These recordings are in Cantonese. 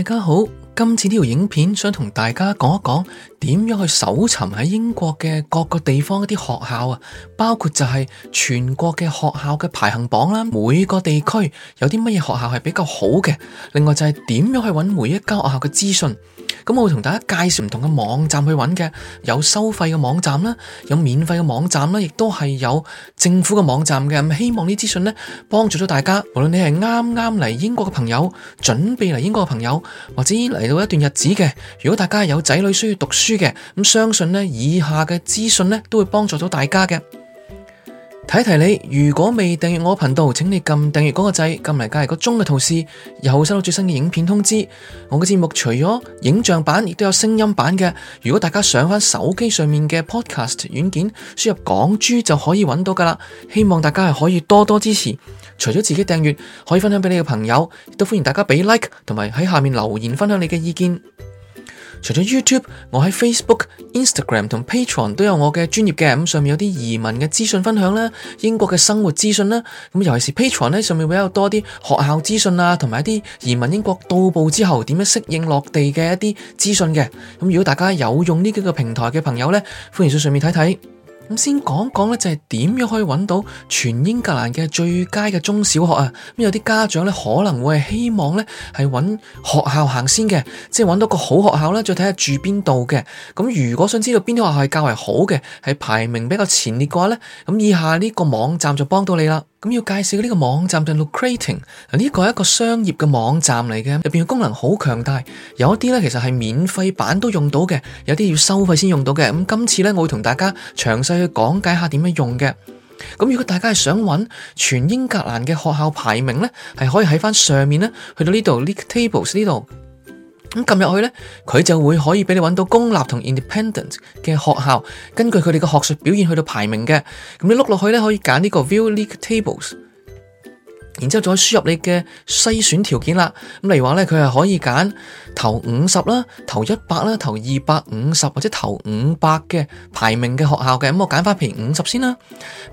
大家好，今次呢條影片想同大家講一講。點樣去搜尋喺英國嘅各個地方一啲學校啊？包括就係全國嘅學校嘅排行榜啦，每個地區有啲乜嘢學校係比較好嘅。另外就係點樣去揾每一間學校嘅資訊？咁我會同大家介紹唔同嘅網站去揾嘅，有收費嘅網站啦，有免費嘅網站啦，亦都係有政府嘅網站嘅。咁希望呢資訊呢，幫助到大家。無論你係啱啱嚟英國嘅朋友，準備嚟英國嘅朋友，或者嚟到一段日子嘅，如果大家有仔女需要讀書。嘅咁相信咧，以下嘅資訊咧都會幫助到大家嘅。提提你，如果未訂閱我頻道，請你撳訂閱嗰個掣，撳埋隔籬個鐘嘅圖示，又收到最新嘅影片通知。我嘅節目除咗影像版，亦都有聲音版嘅。如果大家想翻手機上面嘅 Podcast 軟件，輸入港珠就可以揾到噶啦。希望大家係可以多多支持。除咗自己訂閱，可以分享俾你嘅朋友，亦都歡迎大家俾 like 同埋喺下面留言分享你嘅意見。除咗 YouTube，我喺 Facebook、Instagram 同 Patreon 都有我嘅專業嘅，咁上面有啲移民嘅資訊分享啦，英國嘅生活資訊啦，咁尤其是 Patreon 咧上面會有多啲學校資訊啊，同埋一啲移民英國到埗之後點樣適應落地嘅一啲資訊嘅，咁如果大家有用呢幾個平台嘅朋友咧，歡迎上上面睇睇。咁先講講咧，就係點樣可以搵到全英格蘭嘅最佳嘅中小學啊？咁有啲家長咧，可能會希望咧，係搵學校行先嘅，即係搵到個好學校咧，再睇下住邊度嘅。咁如果想知道邊啲學校係較為好嘅，係排名比較前列嘅話咧，咁以下呢個網站就幫到你啦。咁要介紹呢個網站就係 Locrating，呢個係一個商業嘅網站嚟嘅，入邊嘅功能好強大，有一啲咧其實係免費版都用到嘅，有啲要收費先用到嘅。咁今次咧我會同大家詳細去講解下點樣用嘅。咁如果大家係想搵全英格蘭嘅學校排名咧，係可以喺翻上面咧去到呢度 league tables 呢度。咁撳入去呢，佢就會可以俾你揾到公立同 independent 嘅學校，根據佢哋嘅學術表現去到排名嘅。咁你碌落去呢，可以揀呢個 view league tables。然之後再輸入你嘅篩選條件啦，咁例如話咧，佢係可以揀頭五十啦，頭一百啦，頭二百五十或者頭五百嘅排名嘅學校嘅，咁我揀翻平五十先啦。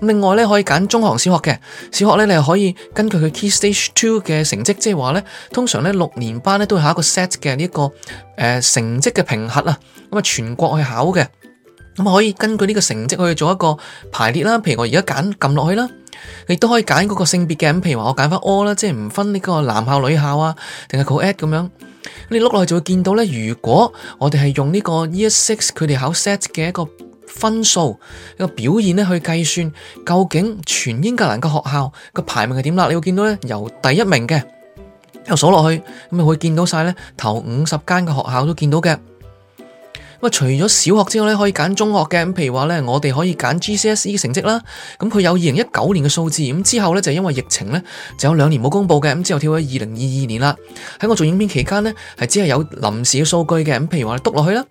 另外咧，可以揀中學小學嘅小學咧，你係可以根據佢 Key Stage Two 嘅成績，即係話咧，通常咧六年班咧都會考一個 set 嘅呢一個誒成績嘅評核啊，咁啊全國去考嘅。咁可以根據呢個成績去做一個排列啦，譬如我而家揀撳落去啦，你都可以揀嗰個性別嘅咁，譬如話我揀返 all 啦，即係唔分呢個男校女校啊，定係 co-ed 咁樣。你碌落去就會見到咧，如果我哋係用呢個 e s 6，佢哋考 SAT 嘅一個分數一個表現呢，去計算，究竟全英格蘭個學校個排名係點啦？你會見到呢，由第一名嘅一路數落去，咁你會見到曬咧頭五十間嘅學校都見到嘅。除咗小學之外咧，可以揀中學嘅，咁譬如話咧，我哋可以揀 GCSE 成績啦。咁佢有二零一九年嘅數字，咁之後呢，就因為疫情呢，就有兩年冇公佈嘅，咁之後跳去二零二二年啦。喺我做影片期間呢，係只係有，有臨時嘅數據嘅，咁譬如話你篤落去啦。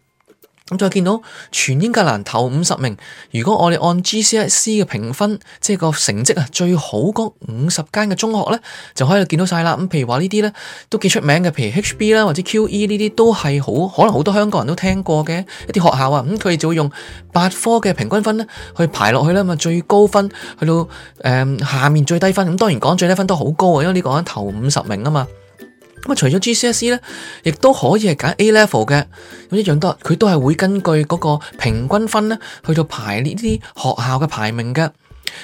咁再見到全英格蘭頭五十名，如果我哋按 GCSE 嘅評分，即係個成績啊，最好嗰五十間嘅中學咧，就可以見到晒啦。咁譬如話呢啲咧都幾出名嘅，譬如 HB 啦，或者 QE 呢啲都係好，可能好多香港人都聽過嘅一啲學校啊。咁佢哋就會用八科嘅平均分咧去排落去啦。嘛最高分去到誒、呃、下面最低分，咁當然講最低分都好高啊，因為呢個喺頭五十名啊嘛。咁除咗 GCSE 咧，亦都可以係揀 A level 嘅，咁一樣多，佢都係會根據嗰個平均分呢去到排列呢啲學校嘅排名嘅。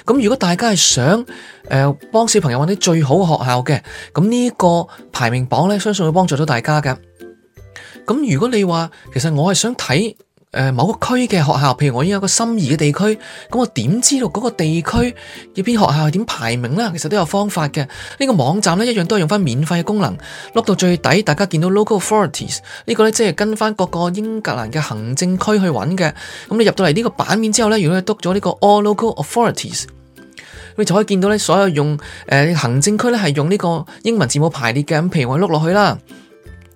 咁如果大家係想誒幫、呃、小朋友揾啲最好學校嘅，咁、這、呢個排名榜呢，相信會幫助到大家嘅。咁如果你話其實我係想睇。某個區嘅學校，譬如我已經有個心儀嘅地區，咁我點知道嗰個地區入邊學校係點排名呢？其實都有方法嘅。呢、這個網站咧，一樣都係用翻免費嘅功能，碌到最底，大家見到 local authorities 呢個呢，即係跟翻各個英格蘭嘅行政區去揾嘅。咁你入到嚟呢個版面之後呢，如果你碌咗呢個 all local authorities，你就可以見到咧所有用誒、呃、行政區呢係用呢個英文字母排列嘅，譬如我碌落去啦。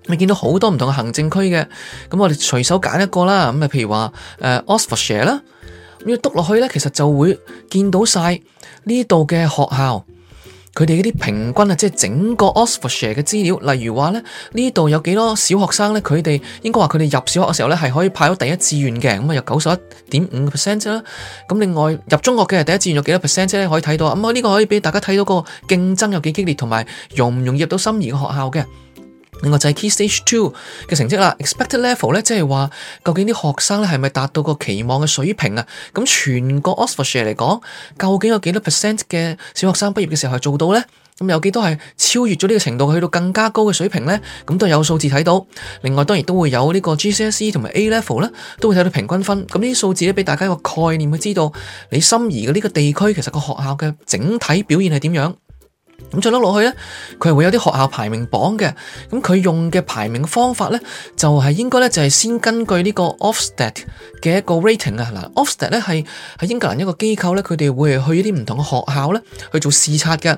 咪見到好多唔同嘅行政區嘅，咁我哋隨手揀一個啦，咁啊，譬如話誒 Oxfordshire 啦，咁要督落去咧，其實就會見到晒呢度嘅學校，佢哋嗰啲平均啊，即係整個 Oxfordshire 嘅資料，例如話咧，呢度有幾多小學生咧，佢哋應該話佢哋入小學嘅時候咧，係可以派到第一志願嘅，咁、嗯、啊有九十一點五 percent 啦，咁、嗯、另外入中學嘅係第一志願有幾多 percent 咧，可以睇到，咁啊呢個可以俾大家睇到個競爭有幾激烈，同埋容唔容易入到心儀嘅學校嘅。另外就係 key stage two 嘅成績啦，expected level 咧，即係話究竟啲學生咧係咪達到個期望嘅水平啊？咁全國 Oxfordshire 嚟講，究竟有幾多 percent 嘅小學生畢業嘅時候係做到呢？咁有幾多係超越咗呢個程度去到更加高嘅水平呢？咁都有數字睇到。另外當然都會有呢個 GCSE 同埋 A level 呢，都會睇到平均分。咁呢啲數字咧，俾大家一個概念去知道你心儀嘅呢個地區其實個學校嘅整體表現係點樣。咁再碌落去咧，佢係會有啲學校排名榜嘅。咁佢用嘅排名方法呢，就係應該呢，就係先根據呢個 Ofsted 嘅一個 rating 啊。嗱，Ofsted 呢係喺英格蘭一個機構呢，佢哋會係去啲唔同嘅學校呢，去做視察嘅。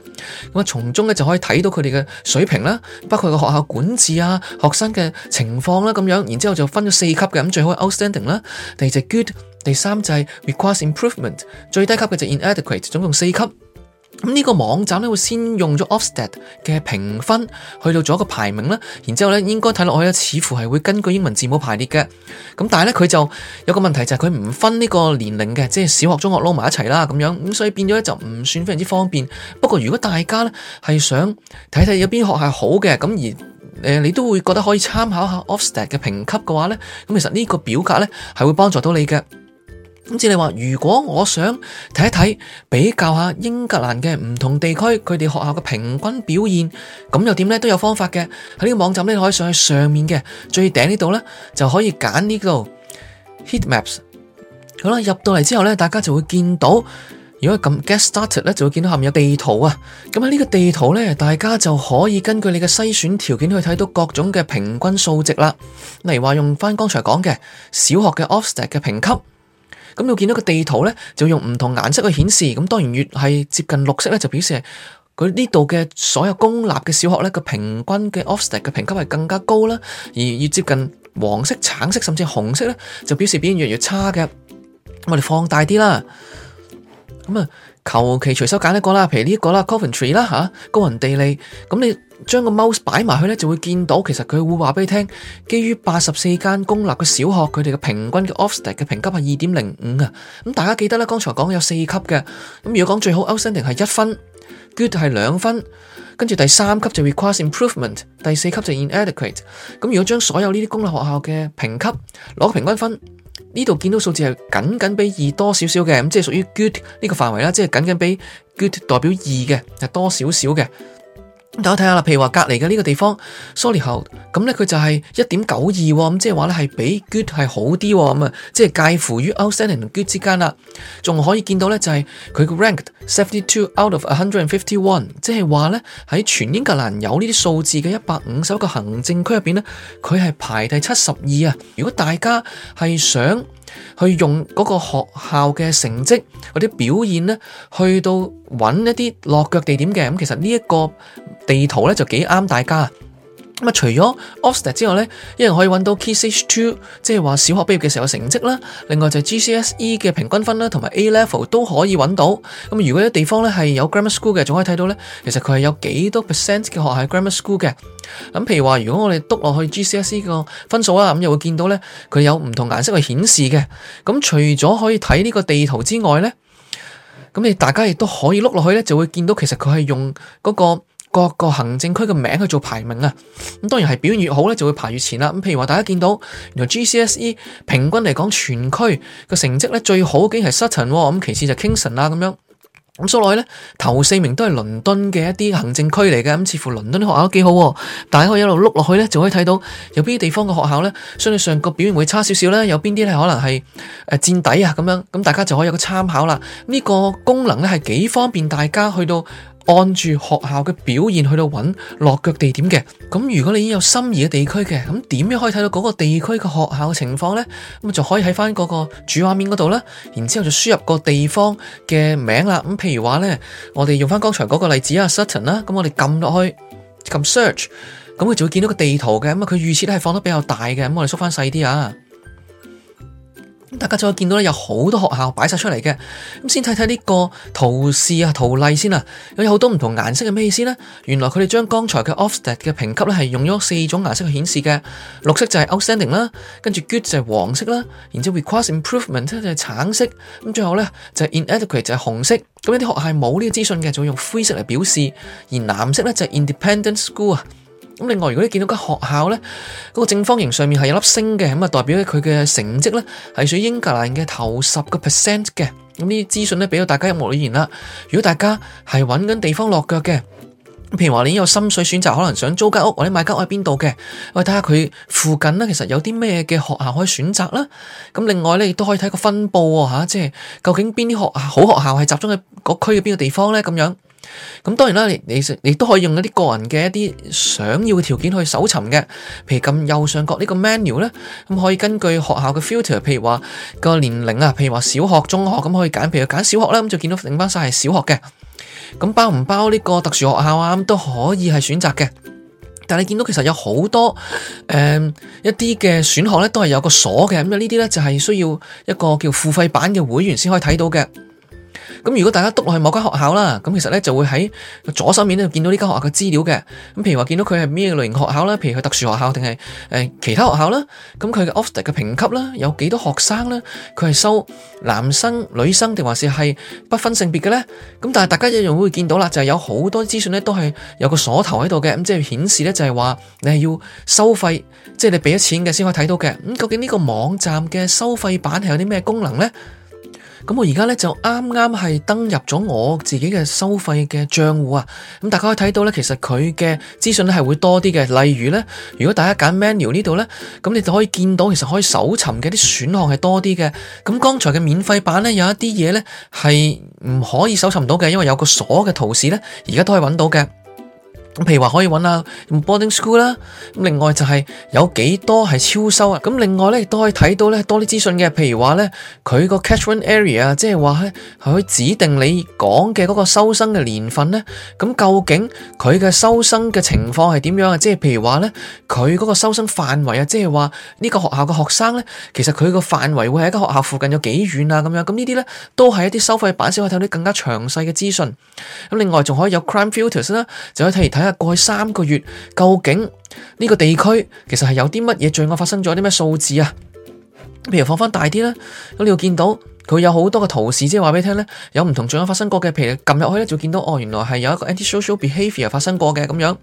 咁啊，從中呢，就可以睇到佢哋嘅水平啦，包括個學校管治啊、學生嘅情況啦咁樣。然之後就分咗四級嘅，咁最好係 outstanding 啦，第二隻 good，第三就係 requires improvement，最低級嘅就 inadequate，總共四級。咁呢個網站咧，會先用咗 Ofsted 嘅評分去到咗一個排名咧，然之後咧應該睇落去咧，似乎係會根據英文字母排列嘅。咁但係咧，佢就有個問題就係佢唔分呢個年齡嘅，即係小學、中學撈埋一齊啦咁樣。咁所以變咗咧就唔算非常之方便。不過如果大家咧係想睇睇有邊學校好嘅，咁而誒你都會覺得可以參考下 Ofsted 嘅評級嘅話咧，咁其實呢個表格咧係會幫助到你嘅。咁至你話，如果我想睇一睇比較下英格蘭嘅唔同地區佢哋學校嘅平均表現，咁又點呢？都有方法嘅。喺呢個網站咧，可以上去上面嘅最頂呢度呢，就可以揀呢個 heatmaps。好啦，入到嚟之後呢，大家就會見到，如果撳 Get Started 呢，就會見到下面有地圖啊。咁喺呢個地圖呢，大家就可以根據你嘅篩選條件去睇到各種嘅平均數值啦。例如話用翻剛才講嘅小學嘅 Ofsted 嘅評級。咁你見到個地圖咧，就用唔同顏色去顯示。咁當然越係接近綠色咧，就表示佢呢度嘅所有公立嘅小學咧，個平均嘅 Ofsted 嘅評級係更加高啦。而越接近黃色、橙色，甚至紅色咧，就表示表現越嚟越差嘅。咁我哋放大啲啦。咁啊，求其隨手揀一個啦，譬如呢一個啦，Coventry 啦嚇，高雲地利。咁你將個 mouse 擺埋去呢，就會見到其實佢會話俾你聽，基於八十四間公立嘅小學，佢哋嘅平均嘅 Ofsted 嘅評級係二點零五啊。咁大家記得咧，剛才講有四級嘅。咁如果講最好，Outstanding 係一分，Good 係兩分，跟住第三級就 Requires Improvement，第四級就 Inadequate。咁如果將所有呢啲公立學校嘅評級攞個平均分。呢度見到數字係僅僅比二多少少嘅，咁即係屬於 good 呢個範圍啦，即係僅僅比 good 代表二嘅係多少少嘅。大家睇下啦，譬如話隔籬嘅呢個地方，Solihull，咁咧佢就係一點九二，咁即係話咧係比 Good 係好啲，咁啊即係介乎於 Outstanding 同 Good 之間啦。仲可以見到咧就係佢個 ranked seventy two out of a hundred and fifty one，即係話咧喺全英格蘭有呢啲數字嘅一百五十個行政區入邊咧，佢係排第七十二啊。如果大家係想去用嗰個學校嘅成績或者表現咧，去到揾一啲落腳地點嘅，咁其實呢、這、一個。地圖咧就幾啱大家咁啊，除咗 Ofsted 之外咧，一樣可以搵到 Key Stage 2，即係話小學畢業嘅時候成績啦。另外就 GCSE 嘅平均分啦，同埋 A Level 都可以搵到。咁如果有啲地方咧係有 Grammar School 嘅，仲可以睇到咧，其實佢係有幾多 percent 嘅學校係 Grammar School 嘅。咁譬如話，如果我哋督落去 GCSE 呢個分數啊，咁又會見到咧，佢有唔同顏色去顯示嘅。咁除咗可以睇呢個地圖之外咧，咁你大家亦都可以碌落去咧，就會見到其實佢係用嗰、那個。各個行政區嘅名去做排名啊，咁當然係表現越好咧，就會排越前啦。咁、嗯、譬如話，大家見到原來 GCSE 平均嚟講，全區嘅成績咧，最好嘅係 Sutton，咁其次就 Kingston 啦。咁樣咁所以落去咧，頭四名都係倫敦嘅一啲行政區嚟嘅，咁、嗯、似乎倫敦啲學校都幾好，啊。大家可以一路碌落去咧，就可以睇到有邊啲地方嘅學校咧，相對上個表現會差少少咧，有邊啲係可能係誒墊底啊咁樣，咁、嗯、大家就可以有個參考啦。呢、嗯這個功能咧係幾方便大家去到按住學校嘅表現去到揾落腳地點嘅，咁如果你已經有心儀嘅地區嘅，咁點樣可以睇到嗰個地區嘅學校嘅情況呢？咁就可以喺翻嗰個主畫面嗰度啦。然之後就輸入個地方嘅名啦。咁譬如話呢，我哋用翻剛才嗰個例子啊，Sutton 啦。咁我哋撳落去，撳 search，咁佢就會見到個地圖嘅。咁啊，佢預設都係放得比較大嘅。咁我哋縮翻細啲啊。大家就可以見到咧，有好多學校擺晒出嚟嘅。咁先睇睇呢個圖示啊、圖例先啦。有好多唔同顏色嘅咩意思呢？原來佢哋將剛才嘅 Ofsted 嘅評級咧，係用咗四種顏色去顯示嘅。綠色就係 Outstanding 啦，跟住 Good 就係黃色啦，然之後 Requires Improvement 就係橙色。咁最後呢，就係 Inadequate 就係紅色。咁有啲學校冇呢個資訊嘅，就會用灰色嚟表示。而藍色呢就係 Independent School 啊。另外，如果你見到間學校呢，嗰個正方形上面係有粒星嘅，咁啊代表佢嘅成績呢，係屬於英格蘭嘅頭十個 percent 嘅。咁呢啲資訊呢，畀到大家一目了然啦。如果大家係揾緊地方落腳嘅，譬如話你有心水選擇，可能想租間屋或者買間屋喺邊度嘅，喂，睇下佢附近呢，其實有啲咩嘅學校可以選擇啦。咁另外呢，亦都可以睇個分佈喎吓，即係究竟邊啲學校好學校係集中喺嗰區嘅邊個地方咧咁樣。咁當然啦，你你亦都可以用一啲個人嘅一啲想要嘅條件去搜尋嘅。譬如咁右上角呢個 menu 咧，咁可以根據學校嘅 filter，譬如話個年齡啊，譬如話小學、中學，咁可以揀，譬如揀小學咧，咁就見到剩返晒係小學嘅。咁包唔包呢個特殊學校啊？咁都可以係選擇嘅。但係你見到其實有好多誒、呃、一啲嘅選學咧，都係有個鎖嘅。咁呢啲咧就係需要一個叫付費版嘅會員先可以睇到嘅。咁如果大家篤落去某間學校啦，咁其實呢就會喺左手面呢見到呢間學校嘅資料嘅。咁譬如話見到佢係咩類型學校呢？譬如係特殊學校定係誒其他學校呢？咁佢嘅 Ofsted 嘅評級呢，有幾多學生呢？佢係收男生、女生定還是係不分性別嘅呢？咁但係大家一樣會見到啦，就係有好多資訊呢都係有個鎖頭喺度嘅，咁即係顯示呢，就係話你係要收費，即係你俾咗錢嘅先可以睇到嘅。咁究竟呢個網站嘅收費版係有啲咩功能呢？咁我而家咧就啱啱係登入咗我自己嘅收費嘅賬戶啊，咁大家可以睇到咧，其實佢嘅資訊咧係會多啲嘅，例如咧，如果大家揀 menu 呢度咧，咁你就可以見到其實可以搜尋嘅啲選項係多啲嘅，咁剛才嘅免費版咧有一啲嘢咧係唔可以搜尋到嘅，因為有個鎖嘅圖示咧，而家都可以揾到嘅。咁譬如話可以揾下 boarding school 啦，咁另外就係有幾多係超收啊，咁另外咧亦都可以睇到咧多啲資訊嘅，譬如話咧佢個 catchment area 啊，即係話咧係可以指定你講嘅個收生嘅年份咧，咁究竟佢嘅收生嘅情況係點樣啊？即係譬如話咧佢個收生範圍啊，即係話呢個學校嘅學生咧，其實佢個範圍會喺間學校附近有幾遠啊？咁樣，咁呢啲咧都係一啲收費版先可以睇到啲更加詳細嘅資訊，咁另外仲可以有 crime filters 啦，就可以睇一睇。睇下過去三個月，究竟呢個地區其實係有啲乜嘢罪案發生咗，啲咩數字啊？譬如放翻大啲啦，咁你會見到佢有好多嘅圖示，即係話俾你聽咧，有唔同罪案發生過嘅。譬如撳入去咧，就會見到哦，原來係有一個 anti-social behaviour 發生過嘅咁樣。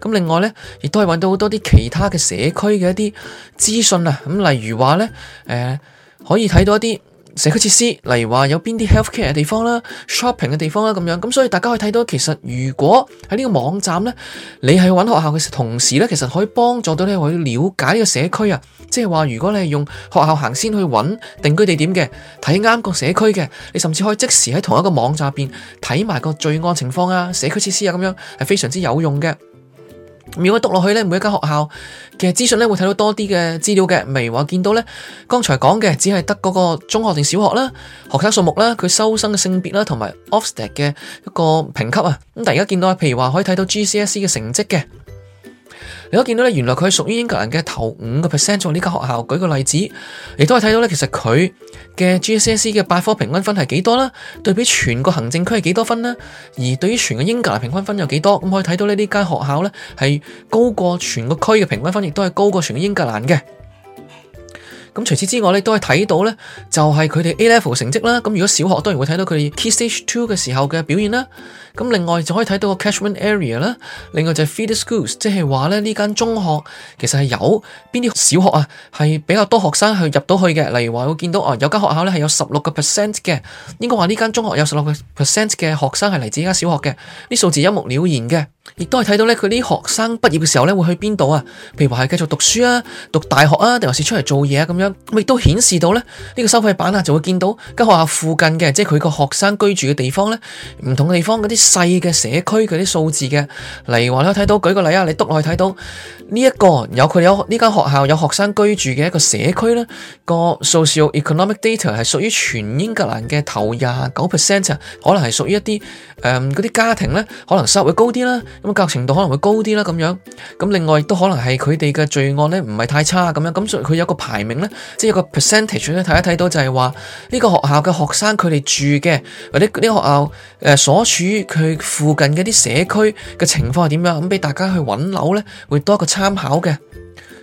咁另外咧，亦都係搵到好多啲其他嘅社區嘅一啲資訊啊。咁例如話咧，誒、呃、可以睇到一啲。社區設施，例如話有邊啲 healthcare 嘅地方啦，shopping 嘅地方啦，咁樣，咁所以大家可以睇到，其實如果喺呢個網站咧，你係揾學校嘅同時咧，其實可以幫助到你去了解呢個社區啊。即係話，如果你係用學校行先去揾定居地點嘅，睇啱個社區嘅，你甚至可以即時喺同一個網站入邊睇埋個罪案情況啊、社區設施啊咁樣，係非常之有用嘅。如果我篤落去呢，每一間學校嘅資訊呢，會睇到多啲嘅資料嘅，例如話見到呢，剛才講嘅只係得嗰個中學定小學啦，學生數目啦，佢收生嘅性別啦，同埋 Ofsted 嘅一個評級啊，咁但係而家見到，譬如話可以睇到 GCSE 嘅成績嘅。你都見到咧，原來佢係屬於英格蘭嘅頭五個 percent 喺呢間學校。舉個例子，亦都係睇到咧，其實佢嘅 GCSE 嘅八科平均分係幾多啦？對比全個行政區係幾多分啦？而對於全個英格蘭平均分有幾多？咁、嗯、可以睇到呢，呢間學校咧係高過全個區嘅平均分，亦都係高過全個英格蘭嘅。咁、嗯、除此之外咧，都係睇到咧，就係佢哋 A level 成績啦。咁、嗯、如果小學當然會睇到佢哋 Key stage two 嘅時候嘅表現啦。咁另外就可以睇到個 catchment area 啦，另外就係 feeder schools，即係話咧呢間中學其實係有邊啲小學啊，係比較多學生去入到去嘅。例如話會見到哦，有間學校咧係有十六個 percent 嘅，應該話呢間中學有十六個 percent 嘅學生係嚟自呢間小學嘅，啲數字一目了然嘅，亦都係睇到咧佢啲學生畢業嘅時候咧會去邊度啊？譬如話係繼續讀書啊、讀大學啊，定還是出嚟做嘢啊咁樣，咁亦都顯示到咧呢、呢個收費版啊，就會見到間學校附近嘅，即係佢個學生居住嘅地方咧，唔同嘅地方啲。細嘅社區佢啲數字嘅，例如話咧睇到，舉個例啊，你督落去睇到呢一、這個有佢有呢間學校有學生居住嘅一個社區咧，個 s o c i a economic data 係屬於全英格蘭嘅頭廿九 percent，可能係屬於一啲誒嗰啲家庭咧，可能收入會高啲啦，咁啊教育程度可能會高啲啦咁樣，咁另外亦都可能係佢哋嘅罪案咧唔係太差咁樣，咁所以佢有一個排名咧，即係有個 percentage 咧睇一睇到就係話呢個學校嘅學生佢哋住嘅或者呢個學校誒所處。佢附近嘅啲社區嘅情況係點樣？咁俾大家去揾樓咧，會多一個參考嘅。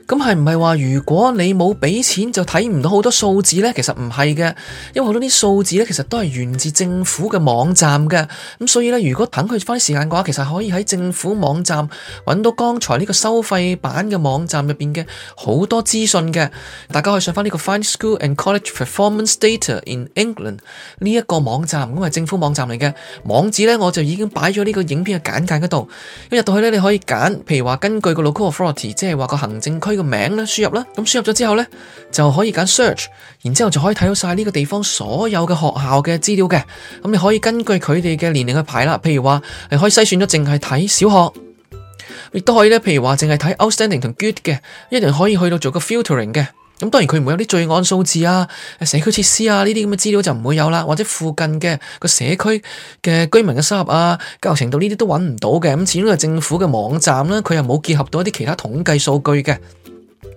咁係唔係話如果你冇畀錢就睇唔到好多數字呢？其實唔係嘅，因為好多啲數字呢，其實都係源自政府嘅網站嘅。咁所以呢，如果等佢花啲時間嘅話，其實可以喺政府網站揾到剛才呢個收費版嘅網站入邊嘅好多資訊嘅。大家可以上翻呢個 Find School and College Performance Data in England 呢一個網站，咁係政府網站嚟嘅。網址呢，我就已經擺咗呢個影片嘅簡介嗰度。一入到去呢，你可以揀，譬如話根據個 local authority，即係話個行政區。個名咧輸入啦，咁輸入咗之後咧就可以揀 search，然之後就可以睇到晒呢個地方所有嘅學校嘅資料嘅。咁你可以根據佢哋嘅年齡去排啦，譬如話，你可以篩選咗淨係睇小學，亦都可以咧，譬如話淨係睇 outstanding 同 good 嘅，一樣可以去到做個 filtering 嘅。咁當然佢唔會有啲罪案數字啊、社區設施啊呢啲咁嘅資料就唔會有啦，或者附近嘅個社區嘅居民嘅收入啊、教育程度呢啲都揾唔到嘅。咁始終係政府嘅網站啦，佢又冇結合到一啲其他統計數據嘅。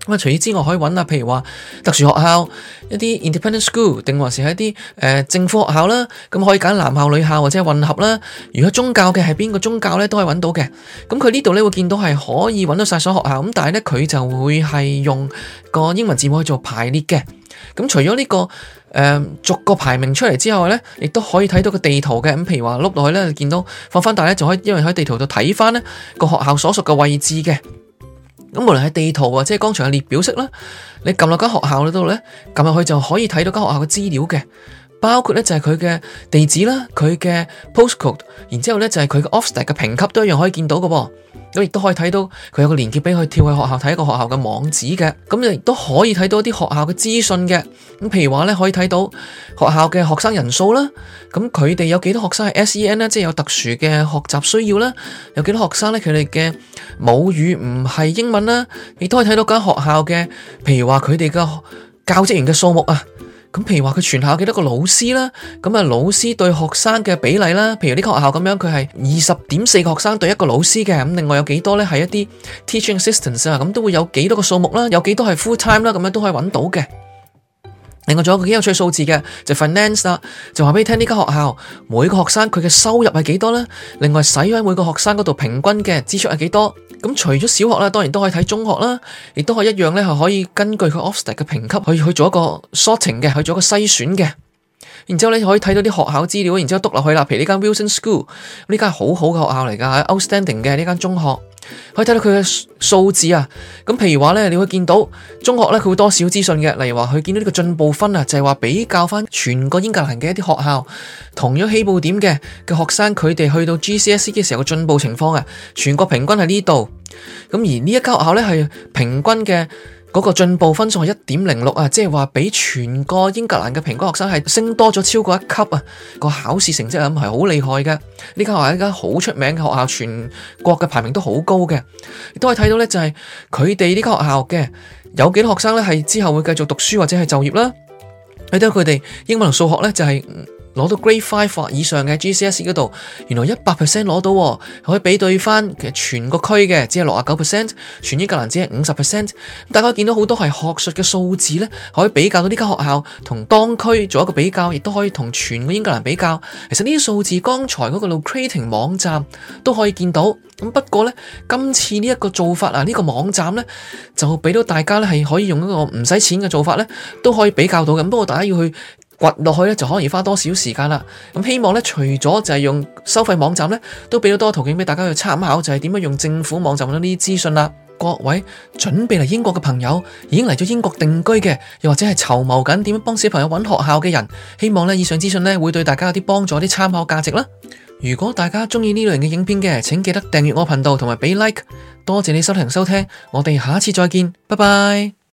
咁啊，除此之外可以揾下，譬如話特殊學校一啲 independent school，定還是係一啲誒、呃、政府學校啦，咁、嗯、可以揀男校、女校或者混合啦。如果宗教嘅係邊個宗教咧，都可以揾到嘅。咁、嗯、佢呢度咧會見到係可以揾到晒所學校，咁但係咧佢就會係用個英文字母去做排列嘅。咁、嗯、除咗呢、這個誒、呃、逐個排名出嚟之外咧，亦都可以睇到個地圖嘅。咁、嗯、譬如話碌落去咧，見到放翻大咧，就可以因為喺地圖度睇翻咧個學校所屬嘅位置嘅。咁無論係地圖或者係剛才嘅列表式啦，你撳落間學校度咧，撳入去就可以睇到間學校嘅資料嘅。包括咧就係佢嘅地址啦，佢嘅 postcode，然之後咧就係佢個 Ofsted 嘅評級都一樣可以見到嘅。咁亦都可以睇到佢有個鏈接俾佢跳去學校睇個學校嘅網址嘅，咁你亦都可以睇到一啲學校嘅資訊嘅，咁譬如話呢，可以睇到學校嘅學生人數啦，咁佢哋有幾多學生係 SEN 咧，即係有特殊嘅學習需要啦，有幾多學生呢？佢哋嘅母語唔係英文啦，亦都可以睇到間學校嘅，譬如話佢哋嘅教職員嘅數目啊。咁譬如話佢全校有幾多個老師啦，咁啊老師對學生嘅比例啦，譬如呢間學校咁樣佢係二十點四個學生對一個老師嘅，咁另外有幾多咧係一啲 teaching assistants 啊，咁都會有幾多個數目啦，有幾多係 full time 啦，咁樣都可以揾到嘅。另外仲有一個幾有趣數字嘅就 finance 啦，就話、是、俾你聽呢間學校每個學生佢嘅收入係幾多咧，另外使喺每個學生嗰度平均嘅支出係幾多。咁除咗小學啦，當然都可以睇中學啦，亦都可以一樣咧，係可以根據佢 Ofsted 嘅評級去去做一個 sorting 嘅，去做一個篩選嘅。然之後你可以睇到啲學校資料，然之後篤落去啦。譬如呢間 Wilson School，呢間係好好嘅學校嚟噶，outstanding 嘅呢間中學，可以睇到佢嘅數字啊。咁譬如話咧，你會見到中學咧佢會多少資訊嘅，例如話佢見到呢個進步分啊，就係話比較翻全個英格蘭嘅一啲學校，同樣起步點嘅嘅學生，佢哋去到 GCSE 嘅時候嘅進步情況啊，全國平均喺呢度，咁而呢一間學校咧係平均嘅。嗰個進步分數係一點零六啊，即係話比全個英格蘭嘅平均學生係升多咗超過一級啊！個考試成績咁係好厲害嘅，呢間學校係一間好出名嘅學校，全國嘅排名都好高嘅，亦都可以睇到咧，就係佢哋呢間學校嘅有幾多學生咧係之後會繼續讀書或者係就業啦。睇到佢哋英文同數學咧就係。攞到 Grade Five 或以上嘅 GCSE 嗰度，原來一百 percent 攞到，可以比對翻其實全個區嘅只係六十九 percent，全英格蘭只係五十 percent。大家見到好多係學術嘅數字呢，可以比較到呢間學校同當區做一個比較，亦都可以同全個英格蘭比較。其實呢啲數字，剛才嗰個 Locrating 網站都可以見到。咁不過呢，今次呢一個做法啊，呢個網站呢，就俾到大家呢係可以用一個唔使錢嘅做法呢，都可以比較到嘅。不過大家要去。掘落去咧，就可以花多少時間啦？咁希望咧，除咗就係用收費網站咧，都俾到多途徑俾大家去參考，就係點樣用政府網站揾到呢啲資訊啦。各位準備嚟英國嘅朋友，已經嚟咗英國定居嘅，又或者係籌謀緊點樣幫小朋友揾學校嘅人，希望咧以上資訊咧會對大家有啲幫助，有啲參考價值啦。如果大家中意呢類型嘅影片嘅，請記得訂閱我頻道同埋俾 like。多謝你收聽收聽，我哋下次再見，拜拜。